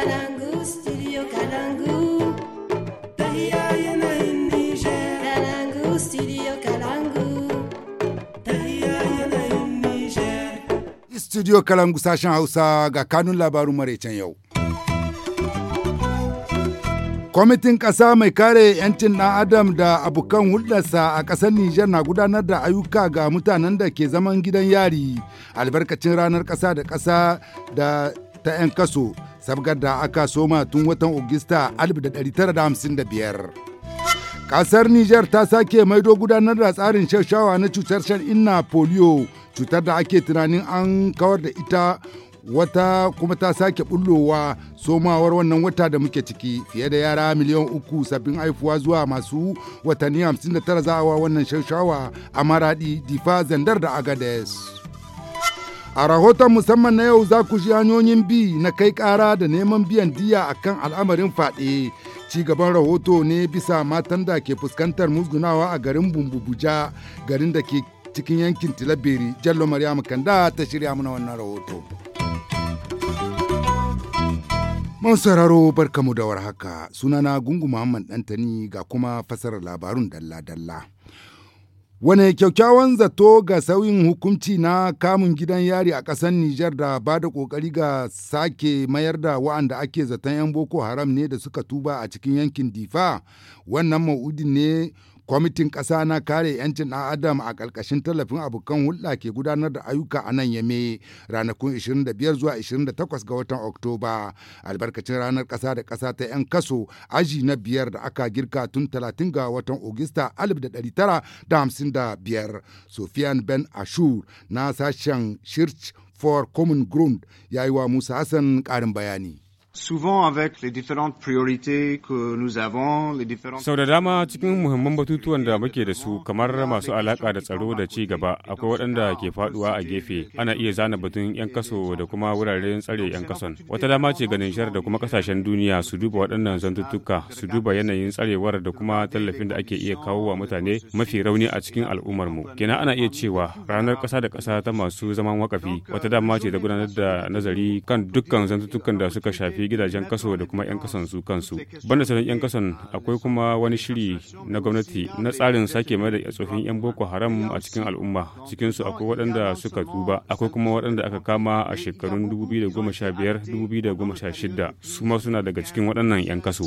Kalangu, studio Kalangu. Studio Kalangu sashen Hausa ga kanun labarun maraicen yau. Kwamitin ƙasa mai kare 'yancin ɗan Adam da abokan hulɗarsa a ƙasar Nijar na gudanar da ayyuka ga mutanen da ke zaman gidan yari albarkacin ranar ƙasa da ƙasa da ta 'yan kaso. sabgar da aka soma tun watan Ogista 1955. Kasar niger ta sake maido gudanar da tsarin shashawa na cutar shan inna polio cutar da ake tunanin an kawar da ita wata kuma ta sake bullowa somawar wannan wata da muke ciki fiye da yara miliyan uku sabbin haifuwa zuwa masu watanni 59 za a wannan shashawa a maradi difa zandar da agades. A rahoton musamman na yau za ku ji hanyoyin bi na kai ƙara da neman biyan diya a kan al'amarin faɗe. Ci gaban rahoto ne bisa matan da ke fuskantar musgunawa a garin Bumbubuja, garin da ke cikin yankin Tilaberi, Jallo Maryamu Kanda ta shirya mana wannan rahoto. Mun sauraro barkamu da warhaka, sunana Gungu Muhammad Dantani ga kuma fasarar labarun dalla-dalla. Wane kyakkyawan zato ga sauyin hukunci na kamun gidan yari a ƙasar Nijar da ba da ƙoƙari ga sake mayar da wa'anda ake zaton 'yan Boko Haram ne da suka tuba a cikin yankin Difa? Wannan ma'udin ne Kwamitin ƙasa na kare 'yancin ɗan Adam a ƙarƙashin tallafin abokan hulɗa ke gudanar da ayyuka a nan Yame ranakun 25 zuwa 28 ga watan Oktoba. Albarkacin ranar ƙasa da ƙasa ta 'yan kaso aji na biyar da aka girka tun 30 ga watan Ogista 1955. Sofian Ben Ashur na sashen Church for Common Ground ya yi wa Musa Hassan ƙarin bayani. souvent avec les différentes priorités que nous avons, les différentes... Sau da dama cikin muhimman batutuwan da muke da su kamar masu alaka da tsaro da ci gaba akwai waɗanda ke faduwa a gefe ana iya zana batun 'yan kaso da kuma wuraren tsare 'yan kason. Wata dama ce ga Nijar da kuma kasashen duniya su duba waɗannan zantuttuka su duba yanayin tsarewar da kuma tallafin da ake iya kawo wa mutane mafi rauni a cikin al'ummarmu. Kenan ana iya cewa ranar ƙasa da ƙasa ta masu zaman wakafi wata dama ce da gudanar da nazari kan dukkan zantuttukan da suka shafi shafi gidajen kaso da kuma 'yan kasan su kansu banda sanin 'yan kasan akwai kuma wani shiri na gwamnati na tsarin sake mai da tsofin 'yan boko haram a cikin al'umma cikinsu akwai waɗanda suka tuba akwai kuma waɗanda aka kama a shekarun 2015-2016 su ma suna daga cikin waɗannan 'yan kaso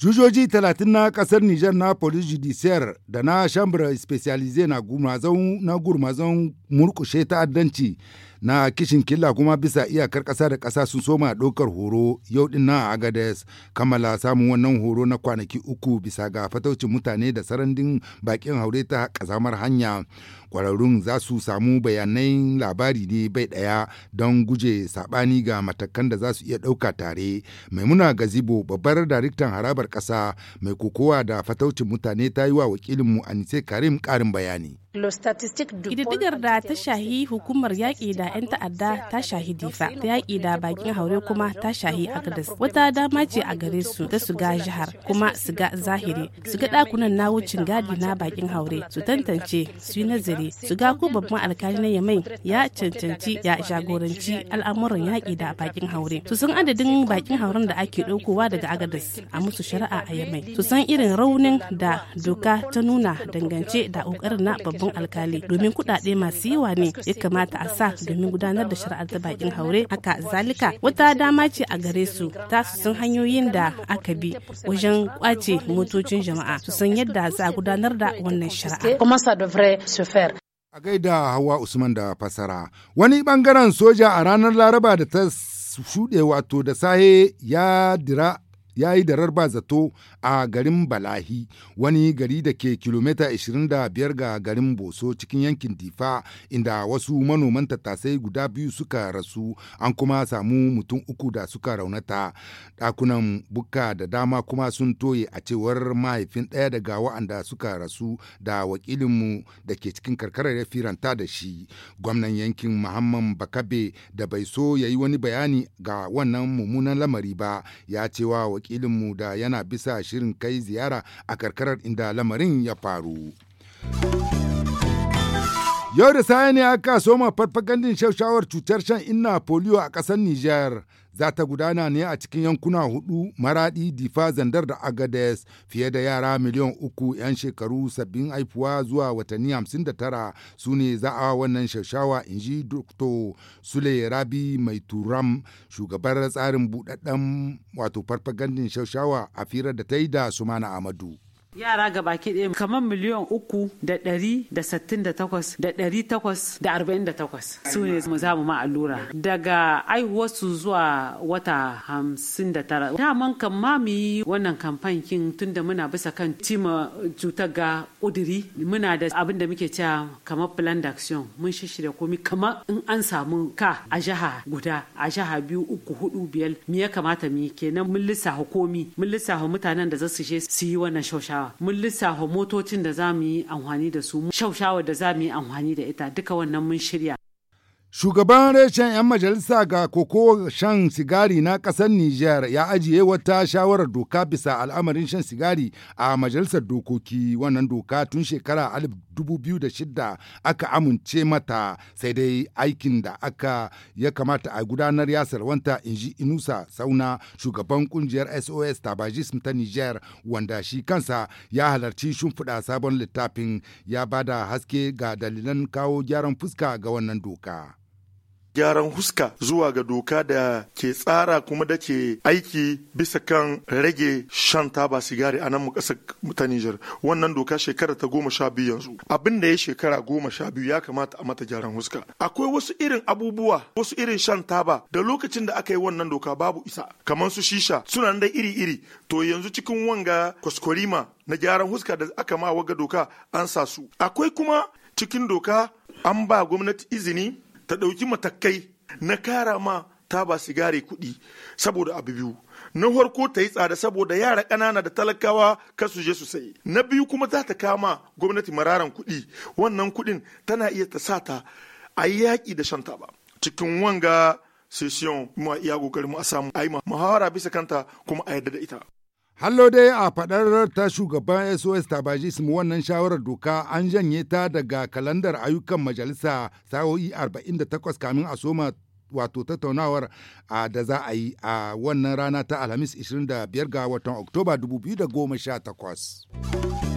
Jujoji talatin na kasar Nijar na Police Judiciaire da na Chambre Specialisée na gurmazon murkushe ta'addanci na kishin killa kuma bisa iyakar ƙasa da ƙasa sun soma ɗaukar horo yau din na agades kammala samun wannan horo na kwanaki uku bisa ga fataucin mutane da sarandin bakin haure ta kazamar hanya ƙwararrun za su samu bayanai labari ne bai ɗaya don guje saɓani ga matakan da za su iya ɗauka tare maimuna gazibo babbar daraktan harabar ƙasa mai kokowa da fataucin mutane ta yi wa wakilinmu anise karim karin bayani. ƙididdigar da ta shahi hukumar yaƙi da 'yan ta'adda ta shahi difa ta yaƙi da bakin haure kuma ta shahi agadas wata dama ce a gare su ta su ga jihar kuma su ga zahiri su ga ɗakunan na wucin gadi na bakin haure su tantance su yi nazari su ga ko babban alkali na yamai ya cancanci ya jagoranci al'amuran yaƙi da bakin haure su san adadin bakin hauren da ake ɗaukowa daga agadas a musu shari'a a yamai su san irin raunin da doka ta nuna dangance da ƙoƙarin na babban alkali domin kuɗaɗe masu yawa ne ya kamata a sa domin gudanar da shari'ar ta bakin haure haka zalika wata dama ce a gare su ta su san hanyoyin da aka bi wajen kwace motocin jama'a su san yadda za a gudanar da wannan shari'a a gaida hawa usman da fasara wani bangaren soja a ranar laraba da ta shuɗe wato da sahe ya dira ya yi da ba zato a garin Balahi wani gari da ke kilomita 25 ga garin Boso cikin yankin Difa inda wasu manoman tattasai guda biyu suka rasu an kuma samu mutum uku da suka raunata ɗakunan Buka da dama kuma sun toye a cewar mahaifin ɗaya daga wa'anda suka rasu da wakilinmu da ke cikin karkarar ya firanta da shi gwamnan yankin Muhammad Bakabe da bai so ya yi wani bayani ga wannan mummunan lamari ba ya cewa wakilinmu da yana bisa shirin kai ziyara a karkarar inda lamarin ya faru. Yau da sa'a ne aka soma farfagandin shawarar cutar shan inna polio a ƙasar Nijar. za ta gudana ne a cikin yankuna hudu maradi difa zandar da agades fiye da yara miliyan uku 'yan shekaru sabbin haifuwa zuwa watanni hamsin da tara su ne za a wannan shashawa in ji dr sule rabi mai turam shugabar tsarin buɗaɗɗen wato farfagandin shashawa a firar da ta yi da sumana amadu yara ga baki ɗaya kamar miliyan uku da ɗari da sittin da takwas da ɗari takwas da arba'in da takwas su ne mu za mu ma allura daga aihuwarsu zuwa wata hamsin da tara daman kan ma mu yi wannan kamfankin tun da muna bisa kan cima cutar ga ƙuduri muna da abin da muke cewa kamar plan d'action mun shishirya komi kama in an samu ka a jiha guda a jiha biyu uku hudu biyar me ya kamata mu yi kenan mun lissafa komi mun lissafa mutanen da za su je su yi wannan shaushawa mun lissafa motocin da za mu yi amfani da su shaushawa da za mu yi amfani da ita duka wannan mun shirya Shugaban reshen 'yan majalisa ga koko shan sigari na ƙasar Nijar ya ajiye wata shawarar doka bisa al'amarin shan sigari a majalisar dokoki wannan doka tun shekara 2006 aka amince mata sai dai aikin da aka ya kamata a gudanar ya sarwanta inji Inusa Sauna shugaban kungiyar SOS Tabajism ta Nijar wanda shi kansa ya halarci shimfiɗa sabon littafin ya bada haske ga dalilan kawo gyaran fuska ga wannan doka. gyaran huska zuwa ga doka da ke tsara kuma da ke aiki bisa kan rage shan taba sigari a nan mu ƙasar ta Nijar. Wannan doka shekara ta goma sha biyu yanzu. Abin da ya shekara goma sha biyu ya kamata a mata gyaran huska. Akwai wasu irin abubuwa, wasu irin shan taba da lokacin da aka yi wannan doka babu isa. Kamar su shisha suna da iri-iri. To yanzu cikin wanga kwaskwarima na gyaran huska da aka ma waga doka an sa su. Akwai kuma cikin doka an ba gwamnati izini ta ɗauki matakai na kara ma taba sigari kuɗi saboda abu biyu na farko ta yi tsada saboda yara ƙanana da talakawa ka su je su sayi na biyu kuma za ta kama gwamnati mararan kuɗi wannan kuɗin tana iya ta sa ta a yi yaƙi da shan taba cikin wanga session mu iya ƙoƙarin mu a samu a muhawara bisa kanta kuma a yarda da ita Hallo dai a faɗar ta shugaban SOS Tabajism wannan shawarar doka an janye ta daga kalandar ayyukan majalisa sa'o'i 48 kamin a soma wato tattaunawar a da za a yi a wannan rana ta Alhamis 25 ga watan Oktoba 2018.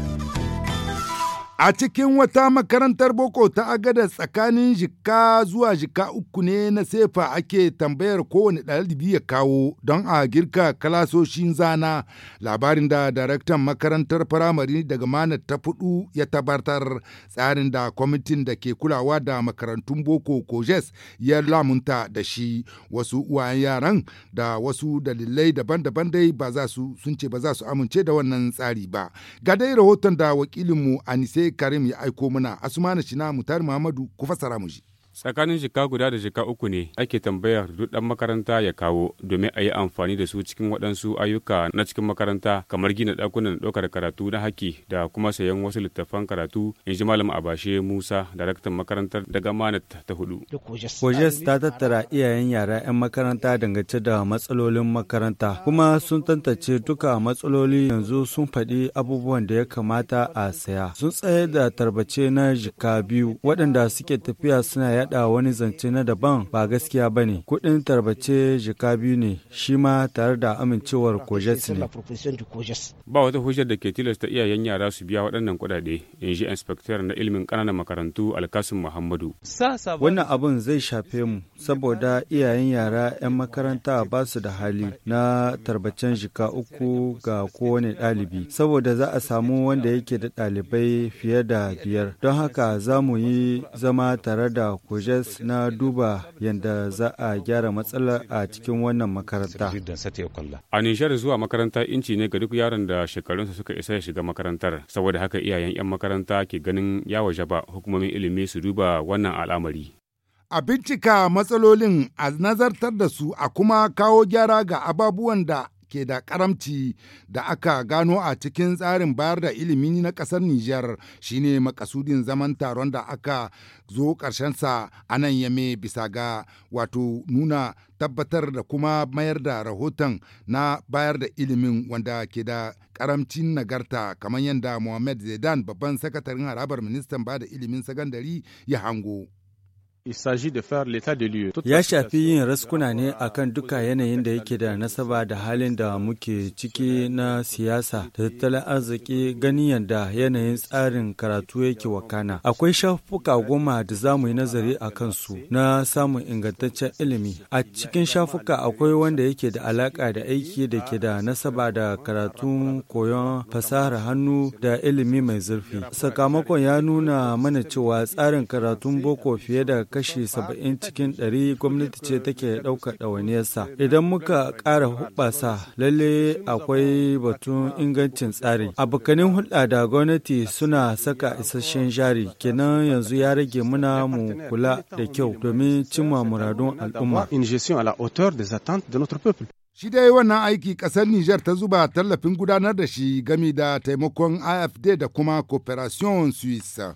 A cikin wata makarantar boko ta agada tsakanin jika zuwa jika uku ne na sefa ake tambayar kowane ɗalibi ya kawo don a girka kalasoshin zana labarin da daraktan makarantar firamare daga manar ta fudu ya tabbatar tsarin da kwamitin da ke kulawa da makarantun boko kojes ya lamunta da shi wasu uwayen yaran da wasu dalilai daban-daban dai ba za su sun ba za su amince da wannan tsari ba ga rahoton da wakilinmu anise Karim ya aiko mana Asumani Shina Mutar Muhammadu ku fassara mu shi. tsakanin jika guda da jika uku ne ake tambayar duk ɗan makaranta ya kawo domin a yi amfani da su cikin waɗansu ayyuka na cikin makaranta kamar gina ɗakunan ɗaukar karatu na haki da kuma sayan wasu littattafan karatu in ji malam abashe musa daraktan makarantar daga manat ta hudu kojes ta tattara iyayen yara 'yan makaranta dangance da matsalolin makaranta kuma sun tantance duka matsaloli yanzu sun faɗi abubuwan da ya kamata a saya sun tsaye da tarbace na jika biyu waɗanda suke tafiya suna yada wani zance na daban ba gaskiya ba ne. Kuɗin tarbace jika biyu ne, shi ma tare da amincewar kojes ne. Ba wata hujjar da ke tilasta iyayen yara su biya waɗannan kuɗaɗe, in ji inspector na ilimin ƙananan makarantu Alkasim Muhammadu. Wannan abun zai shafe mu, saboda iyayen yara 'yan makaranta ba su da hali na tarbacen jika uku ga kowane ɗalibi, saboda za a samu wanda yake da ɗalibai fiye da biyar. Don haka za mu yi zama tare da koyar kujes na duba yadda za a gyara matsala a cikin wannan makaranta. A Nijar zuwa makaranta inci ne ga duk yaron da shekarunsa suka isa ya shiga makarantar, saboda haka iyayen 'yan makaranta ke ganin ya waje ba hukumomin ilimi su duba wannan al'amari. A bincika matsalolin a nazartar da su a kuma kawo gyara ga ababuwan da ke da karamci da aka gano a cikin tsarin bayar da ilimi na kasar Nijar shine makasudin zaman taron da aka zo ƙarshensa a nan yame bisa ga wato nuna tabbatar da kuma mayar da rahoton na bayar da ilimin wanda ke da karamcin nagarta kamar yadda Mohamed Zedan babban sakataren harabar ministan ba da ilimin sagandari ya hango. Ya shafi yin raskuna ne a kan duka yanayin da yake da nasaba da halin da muke ciki na siyasa da tattalin arziki ganin yadda yanayin tsarin karatu yake wakana. Akwai shafuka goma da za mu yi nazari a kansu na samun ingantaccen ilimi. A cikin shafuka akwai wanda yake da alaka da aiki da ke da nasaba da karatun koyon fasahar hannu da ilimi mai zurfi. Sakamakon ya nuna mana cewa tsarin karatun boko fiye da kashi 70 cikin 100 gwamnati ce take ɗaukar ɗawainiyarsa. Idan muka ƙara hubasa lalle akwai batun ingancin tsari. Abokanin hulɗa da gwamnati suna saka isasshen jari kenan yanzu ya rage muna mu kula da kyau domin cimma muradun al'umma. Shi dai wannan aiki ƙasar Nijar ta zuba tallafin gudanar da shi gami da taimakon AFD da kuma Cooperation Suisse.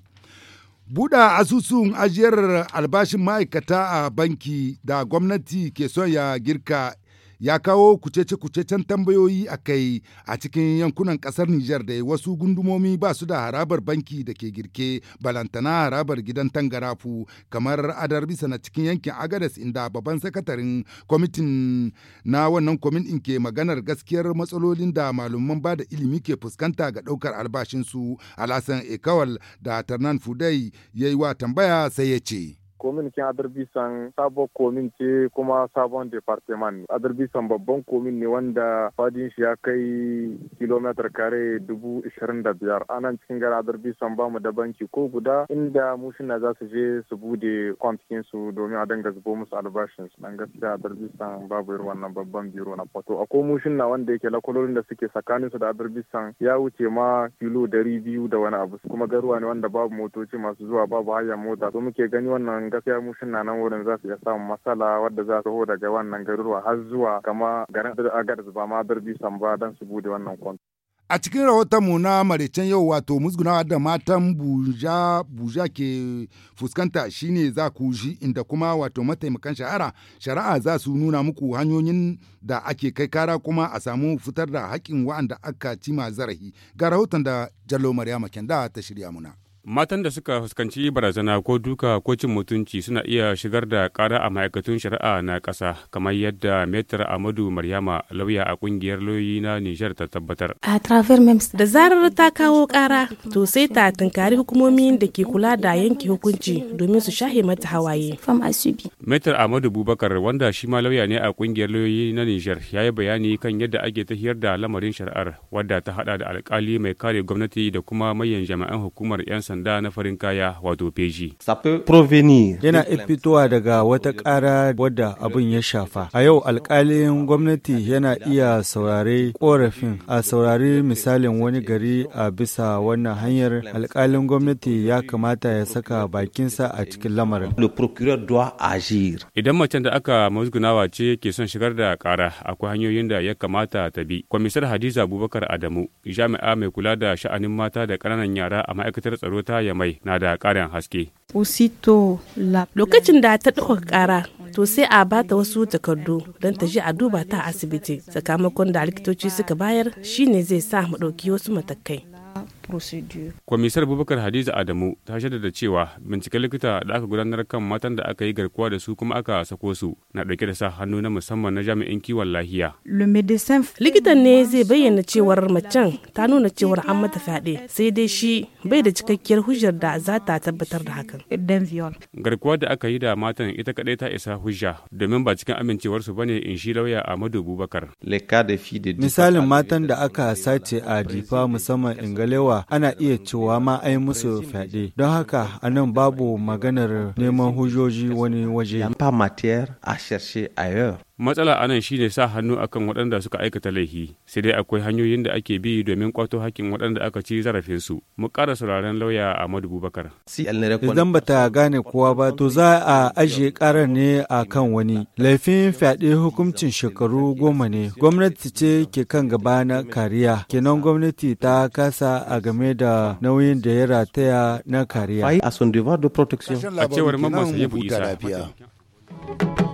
Buɗa asusun ajiyar albashin ma'aikata a banki da gwamnati ke son ya girka ya kawo kucece-kucecen tambayoyi a kai a cikin yankunan kasar Nijar da wasu gundumomi ba su da harabar banki da ke girke balantana harabar gidan tangarafu kamar adar bisa na cikin yankin Agadas inda babban sakatarin kwamitin na wannan kwamitin ke maganar gaskiyar matsalolin da malaman ba da ilimi ke fuskanta ga daukar albashinsu alasan ekawal da tarnan fudai ya yi wa tambaya sai ya ce. kominkin adarbisan sabon komin ce kuma sabon ne. adarbisan babban komin ne wanda fadin shi ya kai kilometer kare dubu ishirin da biyar anan cikin gara adarbisan bamu da banki ko guda inda mushina za su je su bude kwamfikin su domin a dinga zubo musu albashin su dan gaskiya adarbisan babu irin wannan babban biro na fato akwai mushina wanda yake lakwalorin da suke tsakanin su da adarbisan ya wuce ma kilo dari biyu da wani abu kuma garuwa ne wanda babu motoci masu zuwa babu hanyar mota to muke gani wannan gaskiya mu suna nan wurin za su iya samun matsala wadda za su daga wannan garuruwa har zuwa kama garin agadis ba ma birbi samba don su bude wannan kwanto. a cikin rahoton mu na maraicen yau wato musgunawa da matan buja buja ke fuskanta shine za ku ji inda kuma wato mataimakan shahara shari'a za su nuna muku hanyoyin da ake kai kara kuma a samu fitar da haƙƙin wa'anda aka cima zarafi ga rahoton da jallo maryama kenda ta shirya muna Matan da suka fuskanci barazana ko duka ko cin mutunci suna iya shigar da kara a ma'aikatun shari'a na kasa kamar yadda Metar Amadu Maryama lauya a kungiyar lauyi na Nijar ta tabbatar. A Travel Mems da zarar ta kawo kara to sai ta tunkari hukumomi da ke kula da yanke hukunci domin su shahe mata hawaye. Metar Amadu Bubakar wanda shi ma lauya ne a kungiyar lauyoyi na Nijar ya yi bayani kan yadda ake tafiyar da lamarin shari'ar wadda ta hada da alkali mai kare gwamnati da kuma mayan jami'an hukumar 'yan sanda na farin kaya wato feshi. Yana fitowa daga wata ƙara wadda abin ya shafa. A yau alkalin gwamnati yana iya saurare ƙorafin a saurari misalin wani gari a bisa wannan hanyar alkalin gwamnati ya kamata ya saka bakinsa a cikin lamarin. Idan macen da aka musgunawa ce ke son shigar da ƙara akwai hanyoyin da ya kamata ta bi. Kwamisar Hadiza Abubakar Adamu jami'a mai kula da sha'anin mata da ƙananan yara a ma'aikatar tsaro wuta ta mai na da ƙarin haske. Lokacin da ta ɗauka ƙara, to sai a bata wasu takardu don ta je a duba ta asibiti. Sakamakon da likitoci suka bayar shi ne zai sa mu ɗauki wasu matakai. procedure. Kwamisar Bubakar Hadiza Adamu ta da cewa bincike likita da aka gudanar kan matan da aka yi garkuwa da su kuma aka sako su na ɗauke da sa hannu na musamman na jami'in kiwon lahiya. Likitan ne zai bayyana cewar macen ta nuna cewar an mata fyaɗe sai dai shi bai da cikakkiyar hujjar da za ta tabbatar da hakan. Garkuwa da aka yi da matan ita kaɗai ta isa hujja domin ba cikin amincewarsu ne in shi lauya Ahmadu Bubakar. Misalin matan da aka sace a Difa musamman Ingalewa ana iya cewa ma ai musu fyaɗe don haka a nan babu maganar neman hujjoji wani waje. matsala anan shine sa hannu akan waɗanda suka aikata laifi sai dai akwai hanyoyin da ake bi domin kwato hakkin waɗanda aka ci zarafinsu mu ƙara sauraron lauya ahmadu bubakar idan ba ta gane kowa ba to za a ajiye ƙarar ne a kan wani laifin fyaɗe hukuncin shekaru goma ne gwamnati ce ke kan gaba na kariya kenan gwamnati ta kasa a game da nauyin da ya rataya na kariya a cewar mamman sayi isa